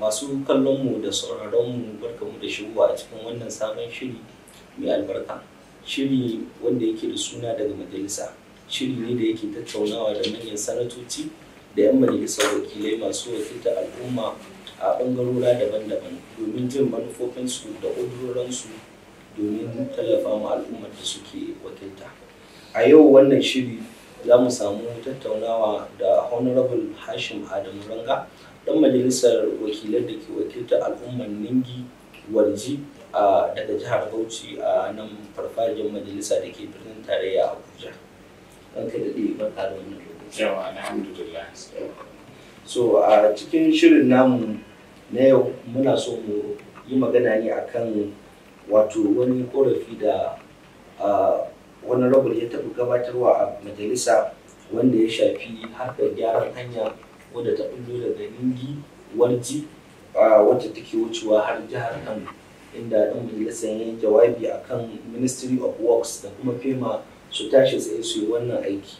masu kallon mu da sauraron mu barkamu da shigowa a cikin wannan sabon shiri mai albarka shiri wanda yake da suna daga majalisa shiri ne da yake tattaunawa da manyan sanatoci da 'yan majalisar wakilai masu wakiltar al'umma a bangarora daban-daban domin jin manufofinsu da ƙudurorinsu domin tallafa ma al'ummar da suke wakilta a yau wannan shiri za mu samu tattaunawa da honorable hashim adamu ranga dan majalisar Wakilai da ke Wakilta al'ummar ningi Walji, daga jihar bauchi a nan farfajiyar majalisa da ke birnin tarayya abuja ranka da ɗaya barka da wannan so a cikin shirin namu na yau muna so mu yi magana ne akan wato wani korafi da wani rabar ya taɓa gabatarwa a majalisa wanda ya shafi harkar gyaran hanya wadda ta bullo daga ringi warji wacce take wucewa har jihar kan inda ɗan majalisar ya yi jawabi kan ministry of works da kuma fema su tashi tsaye su yi wannan aiki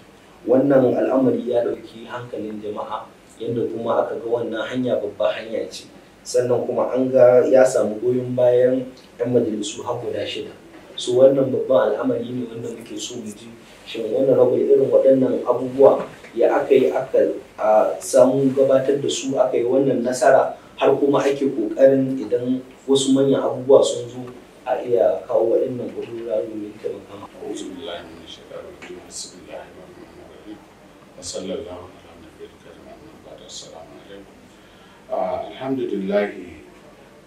wannan al'amari ya ɗauki hankalin jama'a yadda kuma aka ga wannan hanya babba hanya ce sannan kuma an ga ya samu goyon bayan 'yan majalisu har guda shida su wannan babban al'amari ne wanda muke so mu ji shin wannan rabu irin waɗannan abubuwa ya aka yi aka samu gabatar da su aka yi wannan nasara har kuma ake kokarin idan wasu manyan abubuwa sun zo a iya kawo waɗannan ƙudurra domin taimaka alhamdulillahi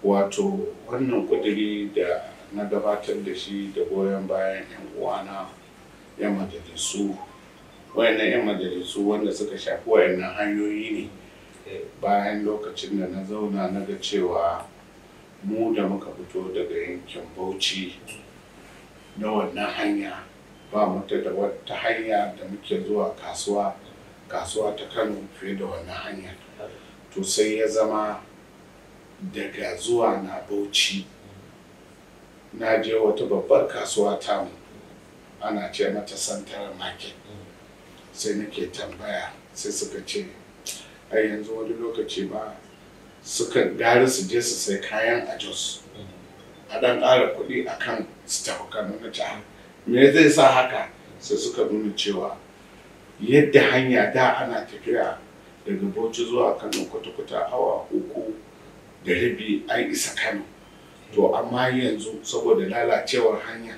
wato wannan kudiri da na gabatar da shi da goyon bayan 'yan uwana 'yan majalisu wayannan 'yan majalisu wanda suka shafi wayannan hanyoyi ne eh, bayan lokacin da na zauna na ga cewa mu da muka fito daga yankin bauchi na wannan hanya ba mutu da wata hanya da muke zuwa kasuwa kasuwa ta kano fiye da wannan hanya to sai ya zama daga zuwa na bauchi na je wata babbar kasuwa tamu ana ce mata santar market sai nake tambaya sai suka ce ai yanzu wani lokaci ba suka gari su je su sai kayan a jos a dan ƙara kuɗi a kan su tafi na ta ah, me zai sa haka sai suka nuna cewa yadda hanya da ana tafiya daga bauchi zuwa kano kwata-kwata awa uku da rabi an isa kano to amma yanzu saboda lalacewar hanya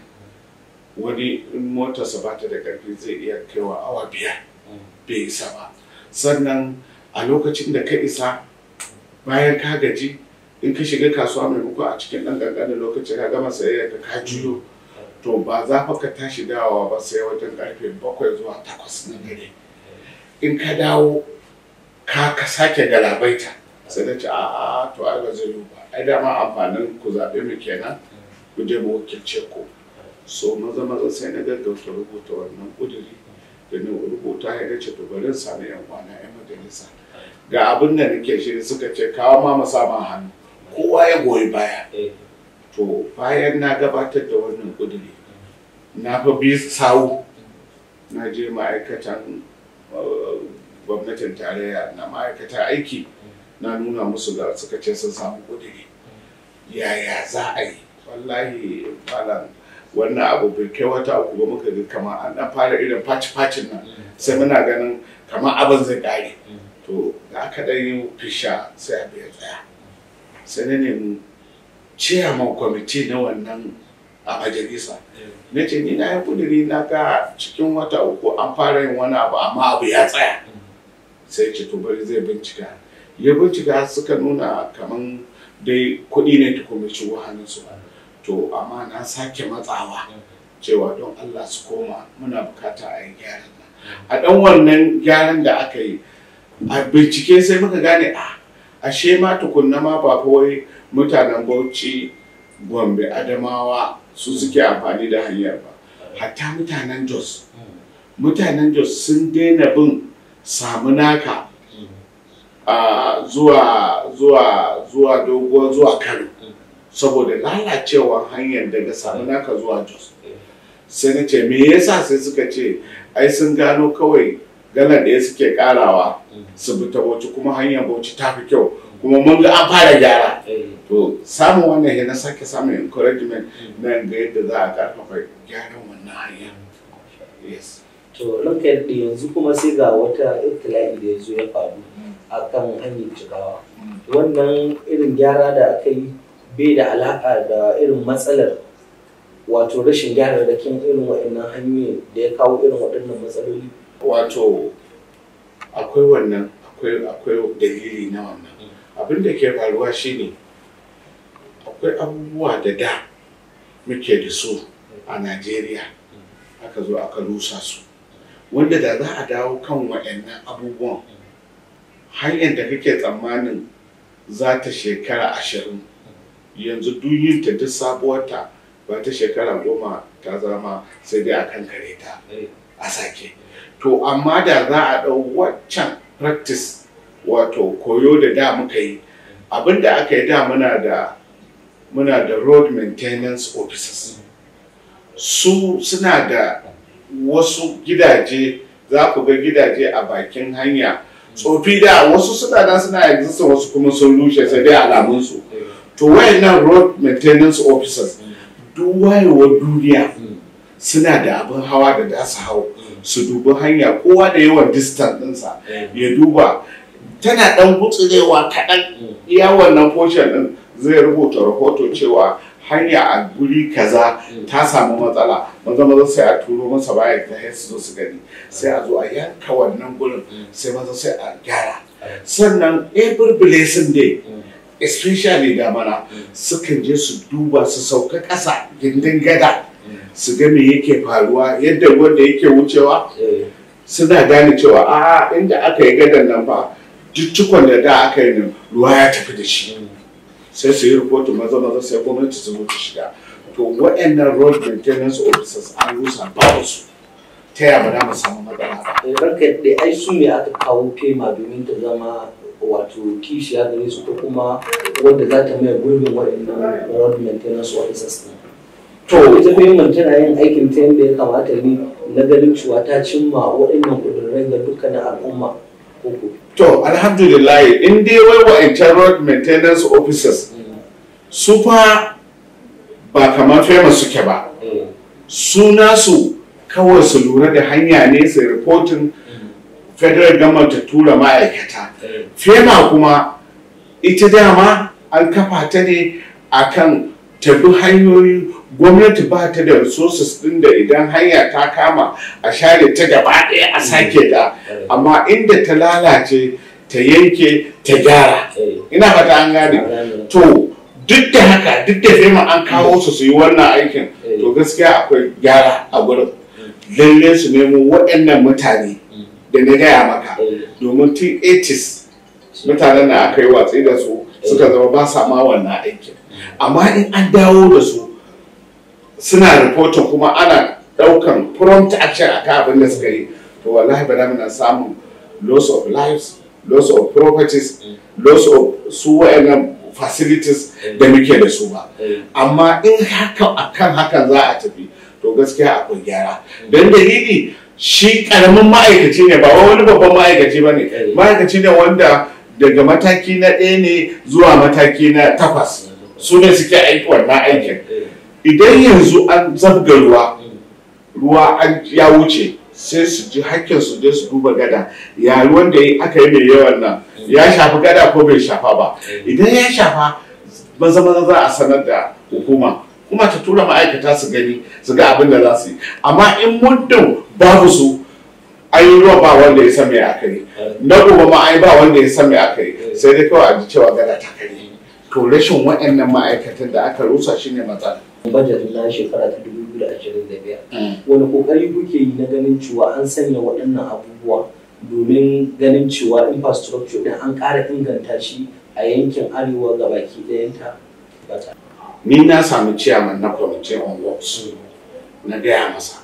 wani mota motarsa ba da ƙarfi zai iya kaiwa awa biyar bai isa ba sannan a lokacin da ka isa bayan ka gaji in ka shiga kasuwa mai maimako a cikin ɗan ƙanƙanin lokacin ka gama sayayya ka ka juyo to ba za fa ka tashi dawowa ba sai wajen ƙarfe bakwai zuwa takwas na dare in ka dawo ka ka sake galabaita sai na ce a to ai ba zai yi ba ai dama amfanin ku zaɓe mu kenan ku je mu wakilce ku so maza maza sai na gaggauta rubuta wannan kuduri da na rubuta ya dace ce to bari sami yan kwana yan majalisa ga abin da nake shi suka ce kawo ma musamman hannu kowa ya goyi baya to bayan na gabatar da wannan kuduri na fa bi sawu na je ma'aikatan uh, gwamnatin tarayya na ma'aikata aiki na nuna musu da suka ce sun samu kuduri yaya za a yi wallahi malam wannan abu bai kai wata uku ba muka ga kamar an dan fara irin faci-facin nan sai muna ganin kamar abin zai ƙare to da aka dan yi fisha sai a ya tsaya sai na nemi chairman kwamiti na wannan a majalisa eh. na ce ni na yi kudiri na ga cikin wata uku an fara yin wani abu amma abu ya tsaya mm. sai ce to bari zai bincika ya bincika suka nuna kamar dai kuɗi ne tukumi shigo hannun su ba to amma na sake matsawa cewa don Allah su koma muna bukata a yi gyaran nan a dan wannan gyaran da aka yi a bincike sai muka gane a ashe ma tukunna ma ba wai mutanen bauchi gombe adamawa su suke amfani da hanyar ba hatta mutanen jos mutanen jos sun daina bin samu naka zuwa zuwa zuwa doguwar zuwa kano saboda lalacewar hanyar daga naka zuwa jos eh. sai na ce me yasa sai suka ce ai sun gano kawai gana da suke karawa mm. su bi ta kuma hanyar bauchi ta fi kyau kuma mun ga an fara gyara eh. to samun wannan ya na sake samun encouragement mm. na ga yadda za a karfafa gyaran wannan hanyar yes to da yanzu kuma sai ga wata irtila'i da yanzu ya faru mm. akan hanyar cikawa wannan irin gyara da aka yi bai da alaƙa da irin matsalar wato rashin gyara da kin irin waɗannan hanyoyin da ya kawo irin waɗannan matsaloli? Wato akwai wannan akwai dalili na wannan. Abin da ke faruwa shine akwai abubuwa da da muke da su a Najeriya aka zo aka rusa su. Wanda da za a dawo kan waɗannan abubuwan hanyar da kake tsammanin za ta shekara ashirin yanzu duk yin ta duk sabuwar ta ba ta shekara goma ta zama sai dai akan kare ta a sake to amma da za a ɗau waccan practice wato koyo da da muka yi abinda aka yi da muna da muna da road maintenance officers su suna da wasu gidaje za ku ga gidaje a bakin hanya tsofi da wasu suna nan suna existence wasu kuma sun rushe sai dai su to wayannan road maintenance officers duk duniya suna da abin hawa da za su hau su dubi hanya kowa da yawan distance ɗinsa ya duba tana dan gutsurewa kaɗan iya wannan portion ɗin zai rubuta rahoto cewa hanya a guri kaza ta samu matsala maza maza sai a turo masa baya ta su zo su gani sai a zo a yanka wannan gurin sai maza sai a gyara sannan every blessing day especially da mana sukan je su duba su sauka ƙasa gindin gada su ga me yake faruwa yadda wanda yake wucewa suna gane cewa a inda aka yi gadan nan fa cikon da da aka yi nan ruwa ya tafi da shi sai su yi rikotu maza maza sai gwamnati su mutu shiga to waɗannan road maintenance officers an rusa ba su ta yaba da musamman samu ba. Ranka da ai su ne aka kawo ma domin ta zama wato kishiya gare su ko kuma wanda za ta mai gurbin waɗannan road maintenance officers ɗin to ita yi tana yin aikin ta yadda ya kamata ne na ganin cewa ta cimma waɗannan ƙudurai ga dukkanin al'umma to alhamdulillah in dai wai wa'ancan road maintenance officers su fa ba kamar famous suke ba mm. su kawai su lura da hanya ne su reporting federal government ta tura ma'aikata fema kuma ita dama an kafa ta ne akan ta bi hanyoyi gwamnati ba ta da resources din da idan hanya ta kama a share ta gaba ɗaya a sake da amma inda ta lalace ta yanke ta gyara ina fata an gane to duk da haka duk da fema an kawo su su yi wannan aikin to gaskiya akwai gyara a gurin lalle su nemo waɗannan mutane da na gaya maka eh. domin tun 80s mutanen da aka yi watsi da su eh. suka zama ba sa ma wannan aikin amma in an dawo da su suna rahoton kuma ana daukan prompt action akan abin da suka yi to wallahi ba na samun loss of lives loss of properties eh. loss of su wa'annan facilities da muke da su ba amma in haka akan hakan za a tafi to gaskiya akwai gyara don dalili shi karamin ma'aikaci ne ba wani babban ma'aikaci ba ne eh. ma'aikaci ne wanda daga mataki na ɗaya ne zuwa mataki na takwas su ne suke aiki wannan aikin eh. idan yanzu an zabga ruwa ruwa an ya wuce sai su ji hakkin su je su duba gada ya ruwan da aka yi mai yawan nan eh. ya shafi gada ko bai shafa ba idan ya shafa maza maza za a sanar da hukuma kuma ta tura ma'aikata su gani su ga abin da za su yi amma in muddin babu su ruwa ba wanda ya san aka yi na gobe ma ai ba wanda ya san aka sai dai kawai a ji cewa gada ta kare to rashin waɗannan ma'aikatan da aka rusa shine matsala bajet na shekara ta 2025 mm. wani kokari kuke yi na ganin cewa an sanya waɗannan abubuwa domin ganin cewa infrastructure ɗin an ƙara inganta shi a yankin arewa gabaki ɗayanta ba ni na sami ciyaman na kwamitin on works na gaya masa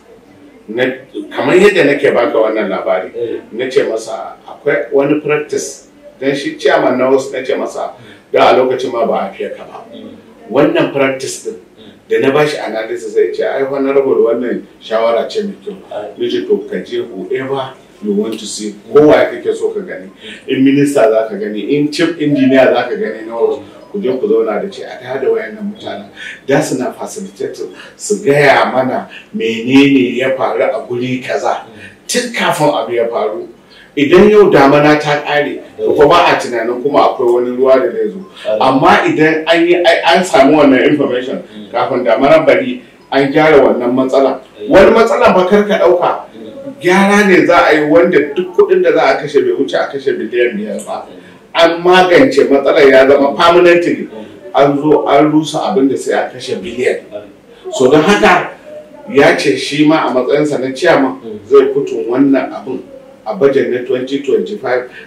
kamar yadda nake baka wannan labari eh. na ce masa akwai wani practice don shi ciyaman na wasu na ce masa da a lokacin ma ba a fiye ka ba hmm. wannan practice din hmm. da na bashi analysis sai ce ai honorable wannan shawara ce mai kyau ah. yace to ka je whoever you want to see kowa kake so ka gani in minister za ka gani in chief engineer za ka gani na wasu ku je ku zauna da ce a ta da wayannan mutanen da suna facilitator su gaya mana menene ya faru a guri kaza tun kafin abu ya faru idan yau damana ta ƙare ko ba a tunanin kuma akwai wani ruwa da zai zo amma idan an yi an samu wannan information kafin damana bari an gyara wannan matsala wani matsala ba karka ɗauka gyara ne za a yi wanda duk kuɗin da za a kashe bai wuce a kashe biliyan biyar ba an magance matsalar ya zama permanently an zo an rusa abin da sai a kashe biliyan so don haka ya ce shi ma a matsayin sa na ciyama zai fito wannan abin a bajet na 2025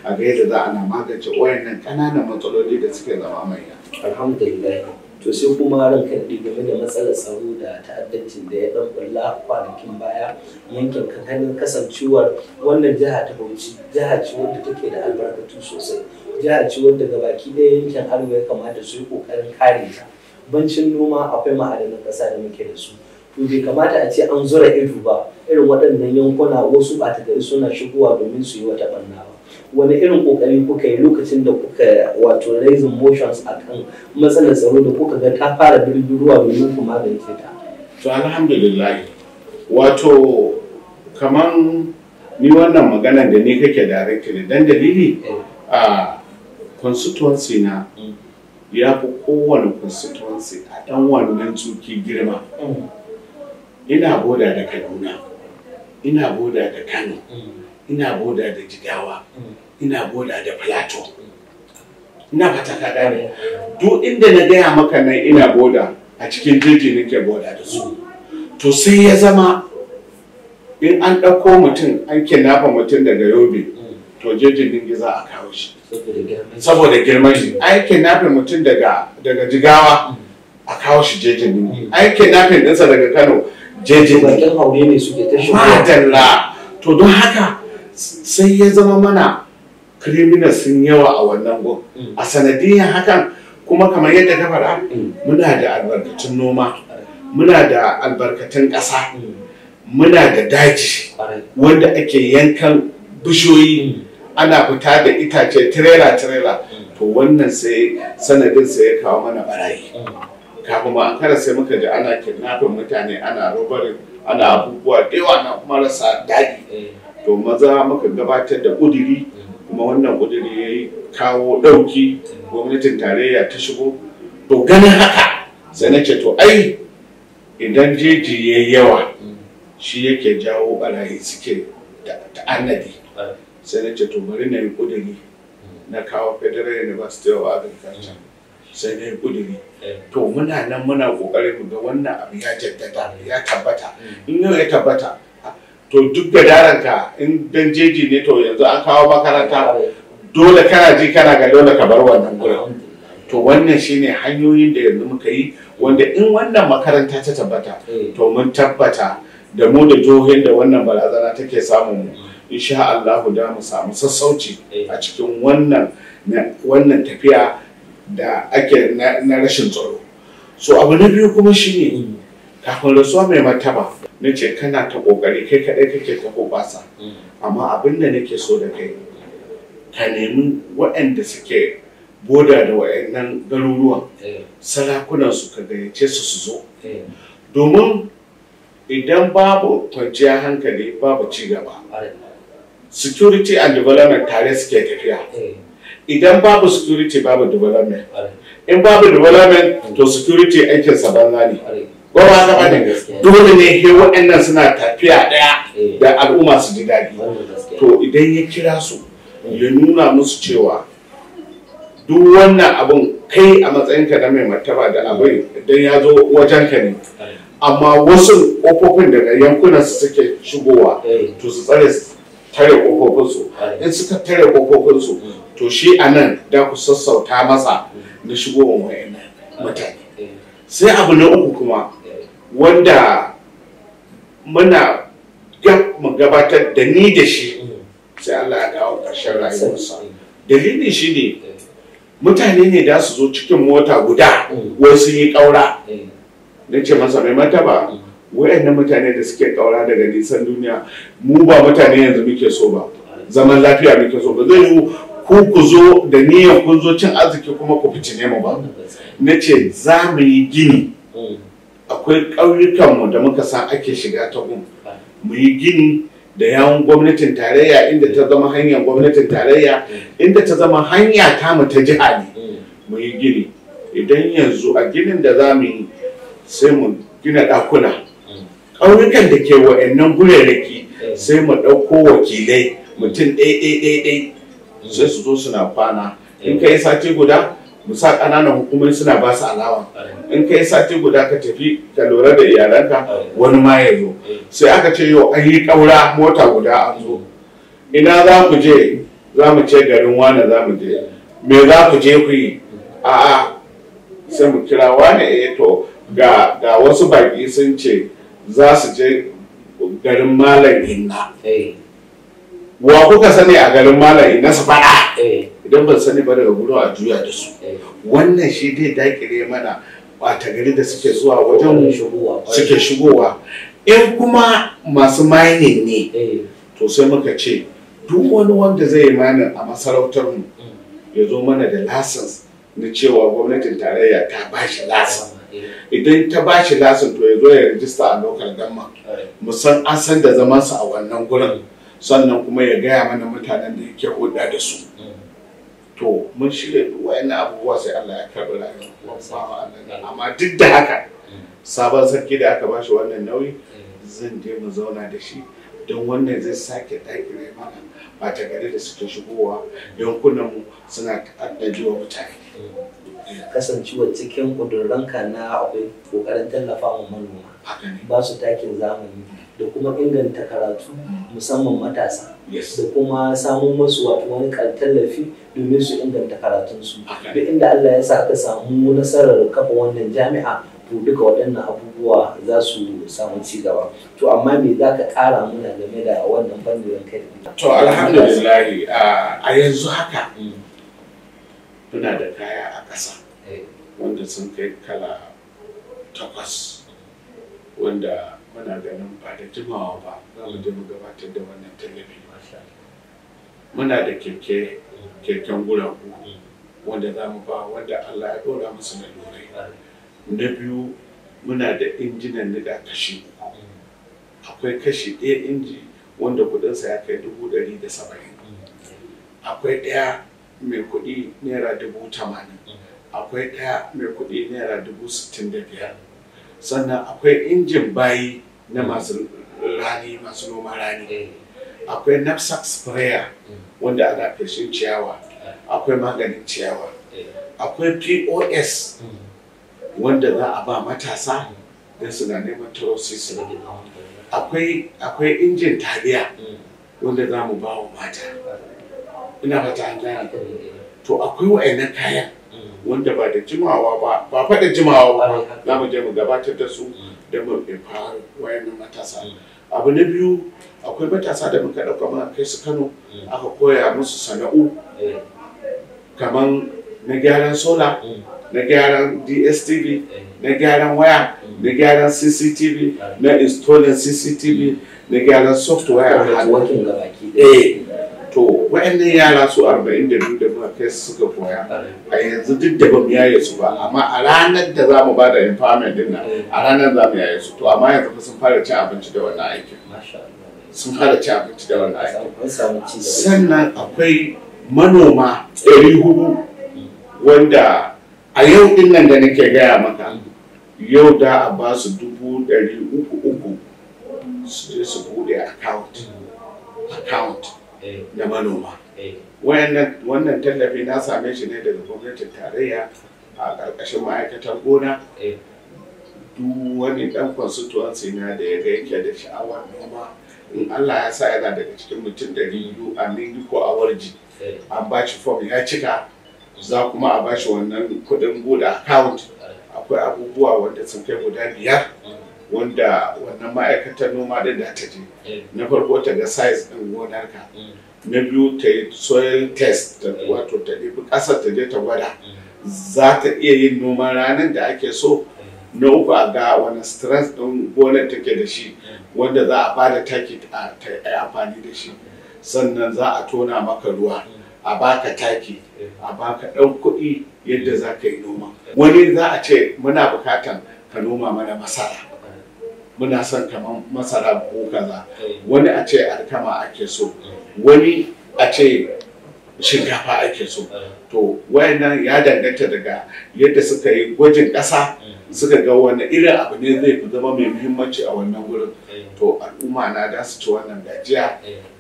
a ga yadda za a na magance wayannan ƙananan matsaloli da suke zama manya alhamdulillah to sai kuma ranka daɗi game da matsalar tsaro da ta'addancin da ya ɗan ƙulla kwanakin baya yankin kankanin kasancewar wannan jiha ta bauchi jiha ce wadda take da albarkatu sosai jiha ce wadda baki ɗaya yankin arewa ya kamata su yi ƙoƙarin kare ta bancin noma akwai ma'adanan ƙasa da muke da su to bai kamata a ce an zura ido ba irin waɗannan yankuna wasu ta gari suna shigowa domin su yi wata ɓanna ba wani irin ƙoƙari kuka yi lokacin da kuka wato raising motions a kan matsalar tsaro da kuka ga ta fara birbiruwa domin ku magance ta to alhamdulillah wato kaman ni wannan maganar da ni kake ne dan dalili eh. a constituency na mm. ya fi kowane constituency a dan wannan tsuki girma mm. ina goda da kaduna ina boda da kano mm. ina boda da jigawa mm. ina boda da plateau mm. ina fata ka gane duk inda na gaya maka nan ina boda a cikin jeji nake boda da su to sai ya zama in an ɗauko mutum an kinafa mutum daga yobe to jejin dingi za a kawo shi saboda girman shi ke nafe mutum daga jigawa a kawo shi jejin dingi an nafe ɗinsa daga kano jeje bakin haure ne suke ta shi madalla to don haka sai ya zama mana criminal sun yawa a wannan gun mm. a sanadiyar hakan kuma kamar yadda ka fara mm. muna da albarkatun noma muna da albarkatun ƙasa mm. muna da daji wanda ake yankan bishiyoyi ana fita da itace tirela tirela to wannan sai sanadin sai ya kawo mana barayi kafin ba kada sai muka ji ana kidnapping mutane ana robarin ana abubuwa da yawa na kuma rasa daɗi eh. to maza muka gabatar da ƙudiri eh. kuma wannan ƙudiri ya kawo ɗauki eh. gwamnatin tarayya ta shigo to ganin haka sai na to ai idan jeji yayi yawa hmm. shi yake jawo barayi suke ta'annadi sai na ce to bari na yi ƙudiri hmm. na kawo federal university of agriculture hmm. sai na yi ƙudiri to muna nan muna kokarin mu ga wannan abu ya tabbata ya tabbata in ya tabbata to duk da daranka in dan jeji ne to yanzu an kawo makaranta dole kana ji kana ga dole ka bar wannan gurin to wannan shine hanyoyin da yanzu muka yi wanda in wannan makaranta ta tabbata to mun tabbata da mu da jihohin da wannan barazana take samun mu insha Allah da mu samu sassauci a cikin wannan wannan tafiya da ake na rashin tsaro so abu na biyu kuma shi ne, kafin rasuwa mai mataba na ce kana ta kokari kai kadai kake ta kobasa mm. amma abin da nake so da kai ka nemi waɗanda suke boda da waɗannan garuruwan eh. sarakunan su ka gayyace su su zo eh. domin idan babu kwanciyar hankali babu ci gaba security and development tare suke tafiya eh. idan babu security babu development in babu development to security aikin sa banza ne ba ba bane dole ne he wa'annan suna tafiya daya eh. da al'umma su ji daɗi to idan ya kira su ya nuna musu cewa duk wannan abun kai a matsayinka na mai martaba da abin idan ya zo wajenka ne amma wasu ƙofofin daga yankunan su suke shigowa eh. to su tsare tare su in suka tare su to shi a nan da ku sassauta masa na shigowar wayannan mutane sai abu na uku kuma wanda muna gabatar da ni da shi sai Allah ya kawo ƙarshen rayuwarsa dalilin shi ne mutane ne da su zo cikin mota guda wai sun yi ƙaura na ce masa mai mataba wayannan mutane da suke ƙaura daga nisan duniya mu ba mutane yanzu muke so ba zaman lafiya muke so ba zai yiwu ku ku zo da niyyar kun zo cin arziki kuma ku fice mu ba na ce za mu yi gini akwai ƙauyukanmu da muka san ake shiga ta gun mu yi gini da yawon gwamnatin tarayya inda ta zama hanyar gwamnatin tarayya inda ta zama hanya mu ta jiha ne mu yi gini idan yanzu a ginin da za mu yi sai mu gina ɗakuna ƙauyukan da ke wa'annan gurereki sai mu ɗauko wakilai mutum ɗai ɗai ɗai sai su zo suna kwana in kai sati guda mu sa ƙananan hukumar suna ba su alawa in kai sati guda ka tafi ka lura da iyalanka wani ma ya sai aka ce yau an yi ƙaura mota guda an zo ina za ku je za mu ce garin wane za mu je me za ku je ku yi a'a sai mu kira wane eh to ga ga wasu baƙi sun ce za su je garin malam inna wa kuka sani a garin malami na su faɗa eh. idan ban sani ba daga gudu a juya da su eh. wannan shi dai dakire mana a gari da suke zuwa wajen suke shigowa in kuma masu mining ne eh. to sai muka ce duk wani wanda zai yi mining a masarautar mu mm. ya zo mana da lasins na cewa gwamnatin tarayya ta bashi lasin ah, idan ta bashi lasin to ya zo ya rijista a lokal gamma mu san an san da su a wannan gurin mm. sannan kuma ya gaya mana mutanen da yake hulɗa da su to mun shirya duk wayannan abubuwa sai Allah ya karɓi rayuwar kuma Allah amma duk da haka sabon sarki da aka bashi wannan nauyi zan je mu zauna da shi don wannan zai sake daƙile mana ba ta gari da suke shigowa mu suna addajewa mutane kasancewar cikin ƙudurranka na akwai ƙoƙarin tallafa wa manoma ba su takin zamani da kuma inganta karatu musamman matasa da kuma samun masu wato wani tallafi domin su inganta karatunsu duk inda Allah ya sa ka samu nasarar kafa wannan jami'a to duka waɗannan abubuwa za su samu ci gaba to amma me za ka ƙara muna game da wannan bangaren kai to alhamdulillah ah, a yanzu haka muna da kaya a ƙasa eh. wanda sun kai kala takwas wanda muna ganin ba da jimawa ba za mu je mu gabatar da wannan tallafi muna da keke keken guragu wanda za mu ba wanda Allah ya dora musu da lura na biyu muna da injinan niƙa kashi akwai kashi ɗaya inji wanda kuɗinsa ya kai dubu ɗari da saba'in akwai ɗaya mai kuɗi naira dubu tamanin akwai ɗaya mai kuɗi naira dubu sittin da biyar sannan akwai injin bayi na masu rani masu noma rani akwai knapsack sprayer wanda ana feshin ciyawa akwai maganin ciyawa akwai pos wanda za a ba matasa don suna neman tarosis akwai akwai injin tariya wanda za mu ba wa mata ina fata an to akwai wa'annan kayan wanda ba da jimawa ba ba jimawa ba za mu je mu gabatar da su da bai faru wayannan matasa abu na biyu akwai matasa da muka ɗauka ma kai su kano mm. aka koya musu sana'u mm. kaman na gyaran sola mm. na gyaran dstv na gyaran waya na gyaran cctv na installing cctv na gyaran software a eh, to wa'annan yara su 42 da kes suka koya a yanzu duk da bamu yaye su ba amma a ranar da za mu bada empowerment din nan a ranar za mu yaye su to amma yanzu sun fara ci abinci da wannan aikin sun fara ci abinci da wannan aikin sannan akwai manoma ɗari hudu wanda a yau din nan da nake gaya maka yau da a ba su dubu ɗari uku uku su je su buɗe account account Eh. da manoma eh. wannan tallafi na same shi ne daga gwamnatin tarayya a ƙarƙashin ma'aikatan gona eh. wani ɗan kwansutuwan na da ya ga yake da sha'awa noma in Allah ya sa yana daga cikin mutum da biyu a ningi ko a warji an ba shi fom ya cika za kuma a ba shi wannan kuɗin buɗe account akwai abubuwa wanda sun kai guda biyar mm. wanda wannan ma'aikatar noma din da ta je eh. na farko ta ga size din ka mm. na biyu ta yi soil test eh. wato ta ɗibi ƙasar ta je ta gwada mm. za ta iya yin noman ranar da ake so eh. na uku a ga wani stress ɗin gonar take da shi wanda za a ba da taki a amfani da shi sannan za a tona maka ruwa mm. a baka taki a baka ɗan kuɗi yadda za ka yi noma wani za a ce muna bukatan ka noma mana masara muna son kamar masara ko kaza eh. wani a ce alkama ake so wani a ce shinkafa ake so eh. to wayannan ya danganta daga yadda suka yi gwajin ƙasa eh. suka ga wani irin abu ne zai fi zama mai muhimmanci a wannan wurin to al'umma na da su ci wannan gajiya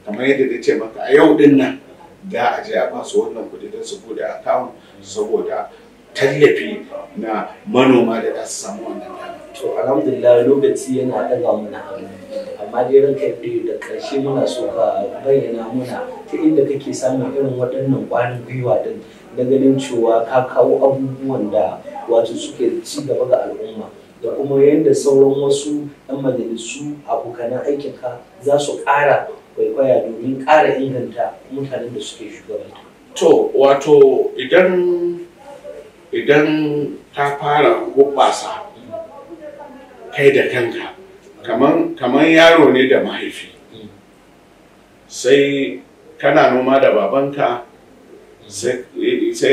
kamar yadda da ce maka a yau din nan da a je a ba su wannan kuɗi don su bude akawun saboda tallafi na manoma da za su samu wannan dama to alhamdulillah lokaci yana ɗaga mana hannu amma dai ranka dai da karshe muna so ka bayyana muna ta inda kake samun irin waɗannan ƙwarin gwiwa din na ganin cewa ka kawo abubuwan da wato suke ci gaba ga al'umma da kuma yadda sauran wasu 'yan majalisu abokanan aikinka za su ƙara kwaikwaya domin ƙara inganta mutanen da suke shugabanta. To, wato idan idan ta fara gubasa kai da kanka kaman yaro ne da mahaifi sai kana noma da babanka sai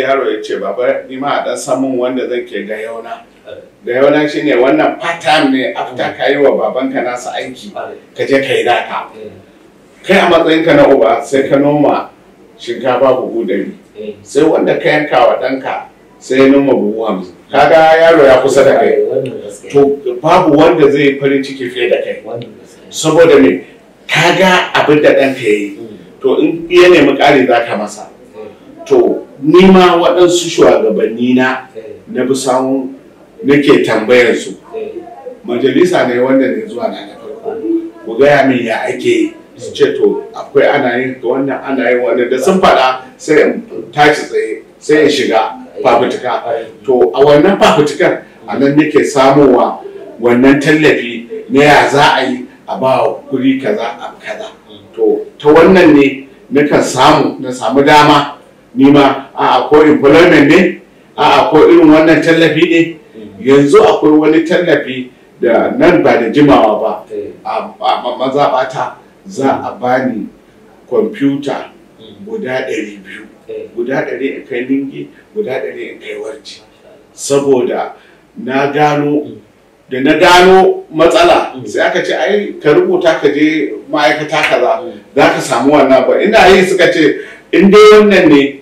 yaro ya ce baba ni ma a dan samun wanda zan ke gayauna gayauna shine wannan pattern ne after ka yi wa babanka nasa aiki ka je ka yi naka kai a matsayinka na uba sai ka noma shinkafa buhu dari eh. sai wanda ka yanka wa ɗanka sai ya noma buhu hamsin kaga yaro ya kusa da kai to babu wanda zai farin ciki fiye da kai saboda me kaga abin da ɗan ya yi hmm. to in ya nemi ƙari za ka masa hmm. to nima waɗansu shugabanni na hmm. na bi samu nake tambayar su majalisa ne wanda ne zuwa na farko ku gaya min ya ake su ce to akwai ana yin wannan ana yin wannan da sun faɗa sai in tashi tsaye sai in shiga fafutuka to a wannan fafutukan a nan nake samowa wannan tallafi na ya za a yi a ba guri kaza a kaza to ta wannan ne nakan samu na samu dama nima a ko employment ne a ko irin wannan tallafi ne yanzu akwai wani tallafi da nan ba da jimawa ba a mazaɓata za a bani kwamfuta guda ɗari biyu guda ɗari in kai ningi guda ɗari in kai warji saboda na gano da na gano matsala sai aka ce ai ka rubuta ka je ma'aikata kaza za ka samu wannan ba ina yi suka ce in dai wannan ne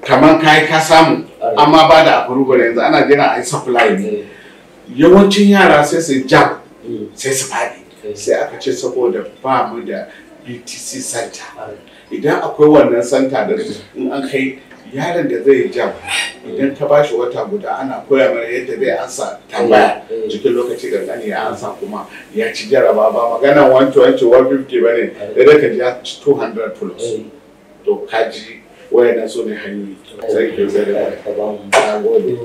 kamar kai ka samu amma ba da approval yanzu ana jira ai supply ne yawancin yara sai su jab sai su faɗi sai aka ce saboda ba mu da btc center idan akwai wannan santa da in an kai yaron da zai jam idan ta bashi wata guda ana koya mana yadda zai ansa tambaya cikin lokaci da gani ya ansa kuma ya ci jaraba ba magana 120 150 bane da da ka ya ci 200 plus to kaji na so ne hanyoyi sai ke zai da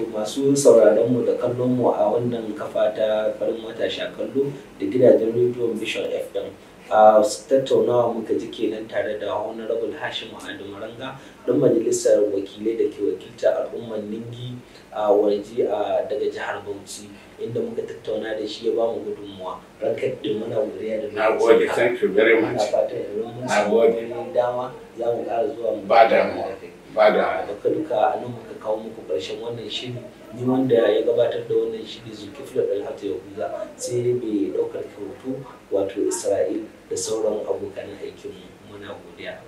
masu sauraron mu da kallon mu a wannan kafa ta farin wata shakallo da gidajen rediyon mission fm a tattaunawa muka ji kenan tare da honorable hashim adamu maranga don majalisar wakilai da ke wakilta al'ummar ningi a warji daga jihar bauchi inda muka tattauna da shi ya bamu gudunmuwa rankar din muna wuriya da na thank you very much na dama za mu zuwa mu ba da ba da duka duka a nan kawo muku ƙarshen wannan shiri ni wanda ya gabatar da wannan shiri zulkifil ya yahuza sai mai ɗaukar kyautu wato isra'il da sauran abokan aikin muna godiya